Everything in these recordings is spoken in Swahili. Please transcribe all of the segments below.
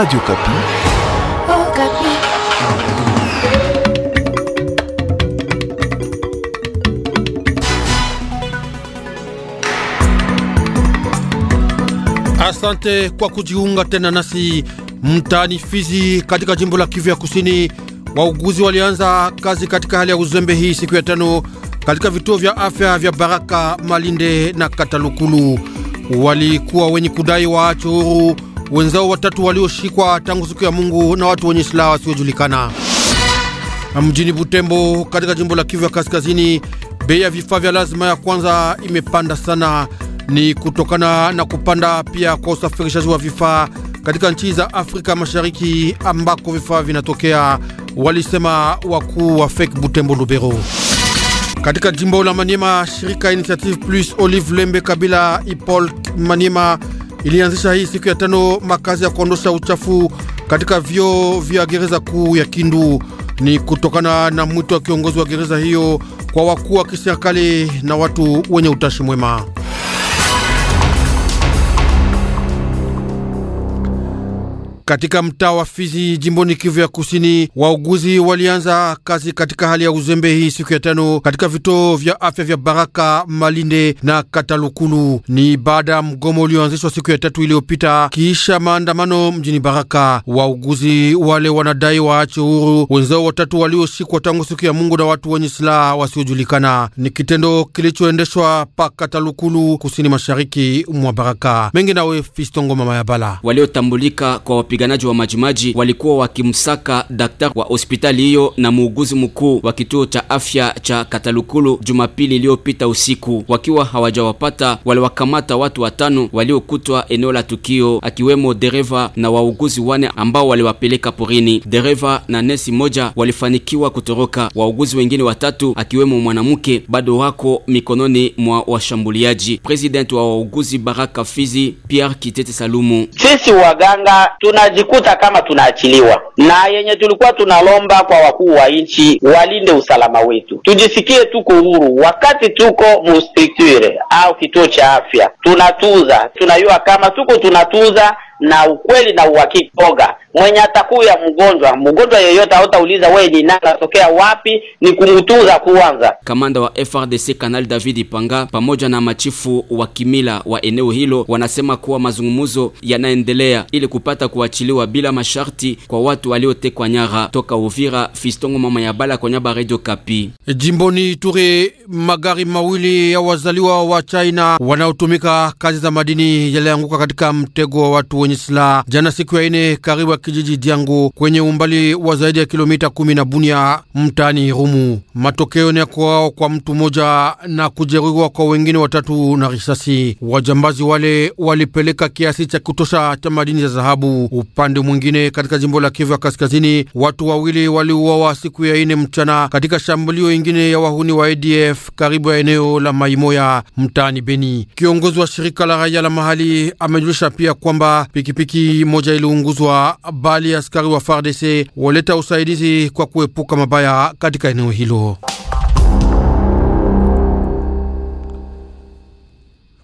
Radio Kapi. Oh, Kapi. Asante kwa kujiunga tena nasi mtaani Fizi katika jimbo la Kivu ya Kusini. Wauguzi walianza kazi katika hali ya uzembe hii siku ya tano katika vituo vya afya vya Baraka, Malinde na Katalukulu. Walikuwa wenye kudai waacho huru wenzao watatu walioshikwa tangu siku ya Mungu na watu wenye silaha wasiojulikana mjini Butembo katika jimbo la Kivu ya Kaskazini. Bei ya vifaa vya lazima ya kwanza imepanda sana, ni kutokana na kupanda pia kwa usafirishaji wa vifaa katika nchi za Afrika Mashariki ambako vifaa vinatokea, walisema wakuu wa FEC Butembo Lubero. Katika jimbo la Maniema, shirika Initiative Plus Olive Lembe Kabila Ipol Maniema ilianzisha hii siku ya tano makazi ya kuondosha uchafu katika vyoo vya gereza kuu ya Kindu. Ni kutokana na mwito wa kiongozi wa gereza hiyo kwa wakuu wa kiserikali na watu wenye utashi mwema. Katika mtaa wa Fizi jimboni Kivu ya Kusini, wauguzi walianza kazi katika hali ya uzembe hii siku ya tano katika vituo vya afya vya Baraka, Malinde na Katalukulu. Ni baada ya mgomo ulioanzishwa siku ya tatu iliyopita kiisha maandamano mjini Baraka. Wauguzi wale wanadai waache huru wenzao watatu walioshikwa tangu siku ya Mungu na watu wenye silaha wasiojulikana. Ni kitendo kilichoendeshwa pa Katalukulu, kusini mashariki mwa Baraka. Mengi nawe Fistongo mama ya Bala waliotambulika kwa wapiga wapiganaji wa Majimaji walikuwa wakimsaka daktari wa hospitali hiyo na muuguzi mkuu wa kituo cha afya cha Katalukulu Jumapili iliyopita usiku. Wakiwa hawajawapata, waliwakamata watu watano waliokutwa eneo la tukio, akiwemo dereva na wauguzi wane ambao waliwapeleka porini. Dereva na nesi moja walifanikiwa kutoroka. Wauguzi wengine watatu akiwemo mwanamke bado wako mikononi mwa washambuliaji. President wa wauguzi Baraka Fizi Pierre Kitete Salumu: sisi waganga tuna tutajikuta kama tunaachiliwa, na yenye tulikuwa tunalomba kwa wakuu wa nchi walinde usalama wetu, tujisikie tuko huru wakati tuko mustrikture au kituo cha afya, tunatuza tunayua kama tuko tunatuza na ukweli na uhakika oga mwenye atakuya mgonjwa mgonjwa yoyote autauliza weye ni nani, natokea wapi, ni kumutuza kuanza. Kamanda wa FRDC Kanali David Ipanga pamoja na machifu wa kimila wa eneo hilo wanasema kuwa mazungumzo yanaendelea ili kupata kuachiliwa bila masharti kwa watu waliotekwa nyara toka Uvira. Fistongo mama ya bala kwa nyaba, Radio Kapi. Jimboni ture magari mawili ya wazaliwa wa China wanaotumika kazi za madini yalianguka katika mtego wa watu wenye silaha jana siku ya ine karibu kijiji Diango kwenye umbali wa zaidi ya kilomita kumi na Bunia mtaani Rumu. Matokeo ni ya kwa mtu mmoja na kujeruhiwa kwa wengine watatu na risasi. Wajambazi wale walipeleka kiasi cha kutosha cha madini ya dhahabu. Upande mwingine, katika jimbo la Kivu ya Kaskazini, watu wawili waliuawa siku ya ine mchana katika shambulio ingine ya wahuni wa ADF karibu ya eneo la Maimoya mtaani Beni. Kiongozi wa shirika la raia la mahali amejulisha pia kwamba pikipiki moja iliunguzwa bali askari wa FARDC waleta usaidizi kwa kuepuka mabaya katika eneo hilo.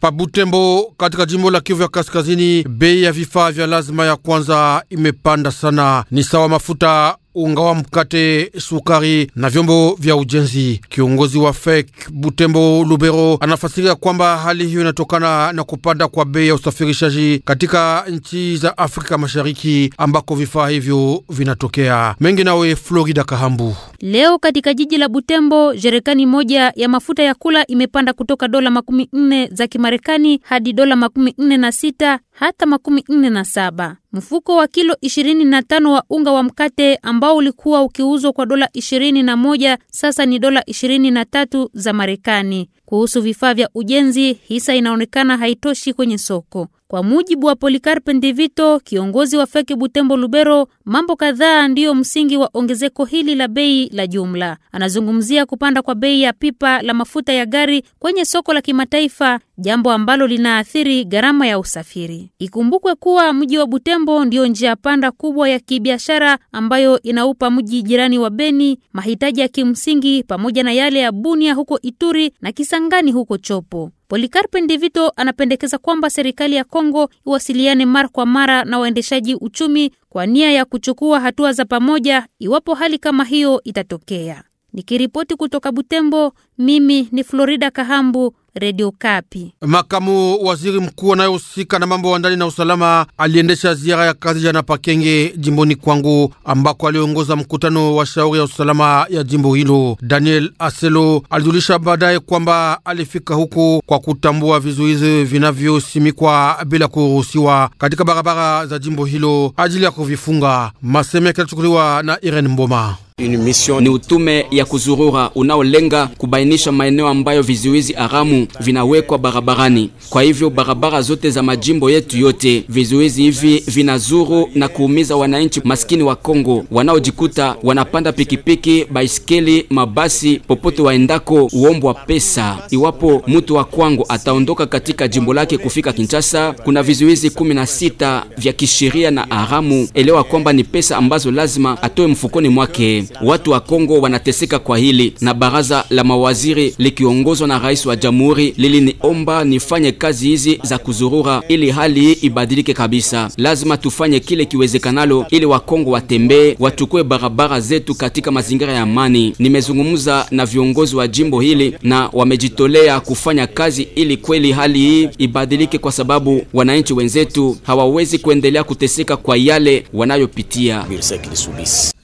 Pabutembo katika jimbo la Kivu ya Kaskazini, bei ya vifaa vya lazima ya kwanza imepanda sana, ni sawa mafuta unga wa mkate, sukari na vyombo vya ujenzi. Kiongozi wa fek Butembo Lubero anafasiria kwamba hali hiyo inatokana na kupanda kwa bei ya usafirishaji katika nchi za Afrika Mashariki ambako vifaa hivyo vinatokea mengi. Nawe Florida Kahambu. Leo katika jiji la Butembo, jerekani moja ya mafuta ya kula imepanda kutoka dola makumi nne za Kimarekani hadi dola makumi nne na sita hata makumi nne na saba. Mfuko wa kilo 25 wa unga wa mkate ambao ulikuwa ukiuzwa kwa dola 21 sasa ni dola 23 za Marekani. Kuhusu vifaa vya ujenzi, hisa inaonekana haitoshi kwenye soko. Kwa mujibu wa Polikarp Ndivito, kiongozi wa feki Butembo Lubero, mambo kadhaa ndiyo msingi wa ongezeko hili la bei la jumla. Anazungumzia kupanda kwa bei ya pipa la mafuta ya gari kwenye soko la kimataifa, jambo ambalo linaathiri gharama ya usafiri. Ikumbukwe kuwa mji wa Butembo ndiyo njia panda kubwa ya kibiashara ambayo inaupa mji jirani wa Beni mahitaji ya kimsingi pamoja na yale ya Bunia huko Ituri na Kisangani huko Chopo. Polikarpe Ndivito anapendekeza kwamba serikali ya Kongo iwasiliane mara kwa mara na waendeshaji uchumi kwa nia ya kuchukua hatua za pamoja iwapo hali kama hiyo itatokea. Nikiripoti kutoka Butembo, mimi ni Florida Kahambu Radio Kapi. Makamu waziri mkuu anayehusika na mambo ya ndani na usalama aliendesha ziara ya kazi jana Pakenge jimboni kwangu, ambako aliongoza mkutano wa shauri ya usalama ya jimbo hilo. Daniel Aselo alijulisha baadaye kwamba alifika huku kwa kutambua vizuizi vinavyosimikwa bila kuruhusiwa katika barabara za jimbo hilo ajili ya kuvifunga. Maseme yake yalichukuliwa na Irene Mboma ni utume ya kuzurura unaolenga kubainisha maeneo ambayo vizuizi haramu vinawekwa barabarani. Kwa hivyo barabara zote za majimbo yetu yote, vizuizi hivi vinazuru na kuumiza wananchi maskini wa Kongo wanaojikuta wanapanda pikipiki, baisikeli, mabasi popote waendako, uombwa pesa. Iwapo mtu wa kwangu ataondoka katika jimbo lake kufika Kinshasa, kuna vizuizi kumi na sita vya kisheria na haramu, elewa kwamba ni pesa ambazo lazima atoe mfukoni mwake. Watu wa Kongo wanateseka kwa hili, na baraza la mawaziri likiongozwa na rais wa jamhuri liliniomba nifanye kazi hizi za kuzurura ili hali hii ibadilike kabisa. Lazima tufanye kile kiwezekanalo ili Wakongo watembee, wachukue barabara zetu katika mazingira ya amani. Nimezungumza na viongozi wa jimbo hili na wamejitolea kufanya kazi ili kweli hali hii ibadilike, kwa sababu wananchi wenzetu hawawezi kuendelea kuteseka kwa yale wanayopitia.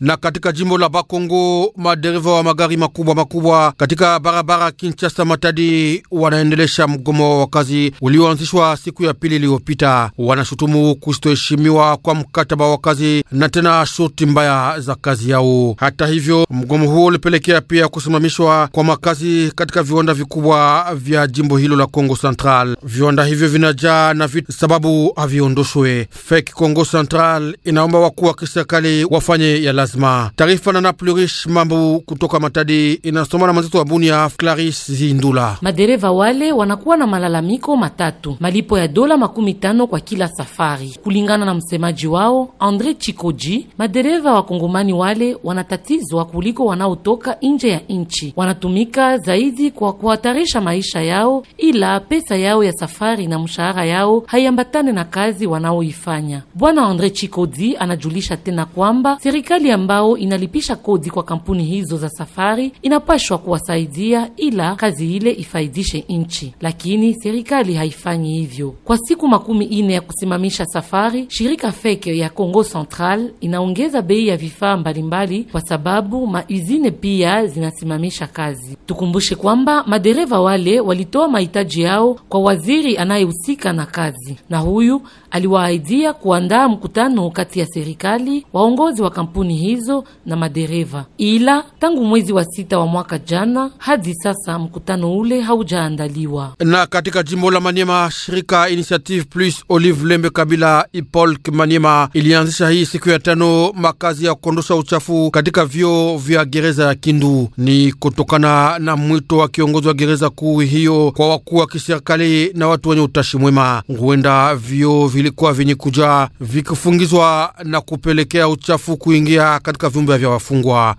Na katika jimbo la hapa Kongo, madereva wa magari makubwa makubwa katika barabara Kinshasa Matadi wanaendelesha mgomo wa kazi ulioanzishwa siku ya pili iliyopita. Wanashutumu kutoheshimiwa kwa mkataba wa kazi na tena shoti mbaya za kazi yao. Hata hivyo, mgomo huo ulipelekea pia kusimamishwa kwa makazi katika viwanda vikubwa vya jimbo hilo la Kongo Central. Viwanda hivyo vinajaa na vit sababu haviondoshwe. FEC Kongo Central inaomba wakuu wa kiserikali wafanye ya lazima. Taarifa na na Plurish Mambu kutoka Matadi inasoma na mwenzetu wa Bunia Claris Zindula. Madereva wale wanakuwa na malalamiko matatu: malipo ya dola makumi tano kwa kila safari. Kulingana na msemaji wao Andre Chikoji, madereva wa Kongomani wale wanatatizwa kuliko wanaotoka nje ya nchi, wanatumika zaidi kwa kuhatarisha maisha yao, ila pesa yao ya safari na mshahara yao haiambatane na kazi wanaoifanya. Bwana Andre Chikoji anajulisha tena kwamba serikali ambao inalipisha kulipisha kodi kwa kampuni hizo za safari inapashwa kuwasaidia, ila kazi ile ifaidishe nchi, lakini serikali haifanyi hivyo. Kwa siku makumi ine ya kusimamisha safari, shirika feke ya Congo Central inaongeza bei ya vifaa mbalimbali, kwa sababu mauzine pia zinasimamisha kazi. Tukumbushe kwamba madereva wale walitoa mahitaji yao kwa waziri anayehusika na kazi, na huyu aliwaahidia kuandaa mkutano kati ya serikali, waongozi wa kampuni hizo na madereva, ila tangu mwezi wa sita wa mwaka jana hadi sasa mkutano ule haujaandaliwa. Na katika jimbo la Maniema, shirika Initiative Plus Olive Lembe Kabila Ipolk Maniema ilianzisha hii siku ya tano makazi ya kuondosha uchafu katika vyoo vya gereza ya Kindu. Ni kutokana na mwito wa kiongozi wa gereza kuu hiyo kwa wakuu wa kiserikali na watu wenye utashi mwema, huenda vyoo vilikuwa vyenye kuja vikifungizwa na kupelekea uchafu kuingia katika vyumba vya wafu. 风刮。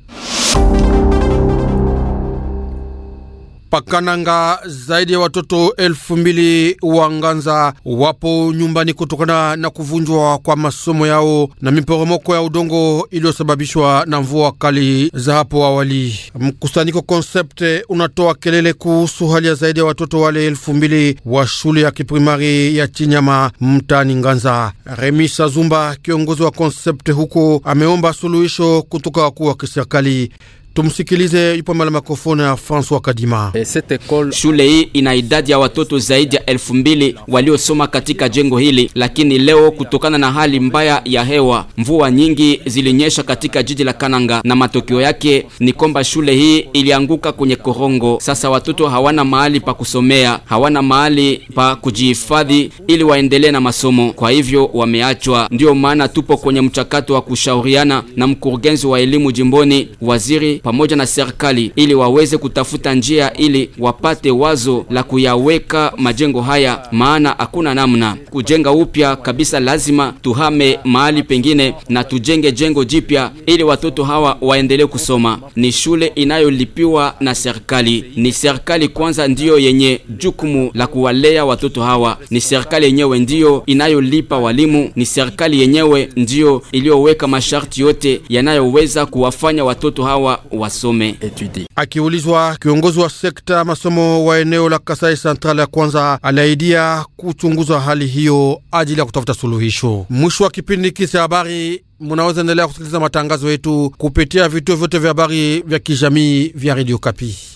pakananga zaidi ya watoto elfu mbili wa Nganza wapo nyumbani kutokana na kuvunjwa kwa masomo yao na miporomoko ya udongo iliyosababishwa na mvua kali za hapo awali. Mkusanyiko Concept unatoa kelele kuhusu hali ya zaidi ya watoto wale elfu mbili wa shule ya kiprimari ya Chinyama mtani Nganza. Remisa Zumba, kiongozi wa Concept huko, ameomba suluhisho kutoka wakuu wa kiserikali. Tumsikilize, yupo mbele mikrofoni ya François Kadima. Eh, shule hii ina idadi ya watoto zaidi ya elfu mbili waliosoma katika jengo hili, lakini leo kutokana na hali mbaya ya hewa, mvua nyingi zilinyesha katika jiji la Kananga, na matokeo yake ni kwamba shule hii ilianguka kwenye korongo. Sasa watoto hawana mahali pa kusomea, hawana mahali pa kujihifadhi ili waendelee na masomo, kwa hivyo wameachwa. Ndiyo maana tupo kwenye mchakato wa kushauriana na mkurugenzi wa elimu jimboni, waziri pamoja na serikali ili waweze kutafuta njia ili wapate wazo la kuyaweka majengo haya, maana hakuna namna kujenga upya kabisa. Lazima tuhame mahali pengine na tujenge jengo jipya ili watoto hawa waendelee kusoma. Ni shule inayolipiwa na serikali, ni serikali kwanza ndiyo yenye jukumu la kuwalea watoto hawa, ni serikali yenyewe ndiyo inayolipa walimu, ni serikali yenyewe ndiyo iliyoweka masharti yote yanayoweza kuwafanya watoto hawa wasome. Akiulizwa, kiongozi wa sekta masomo wa eneo la Kasai Central ya kwanza aliaidia kuchunguza hali hiyo ajili ya kutafuta suluhisho. Mwisho wa kipindi hiki cha habari, munaweza endelea kusikiliza matangazo yetu kupitia vituo vyote vya habari vya kijamii vya Radio Kapi.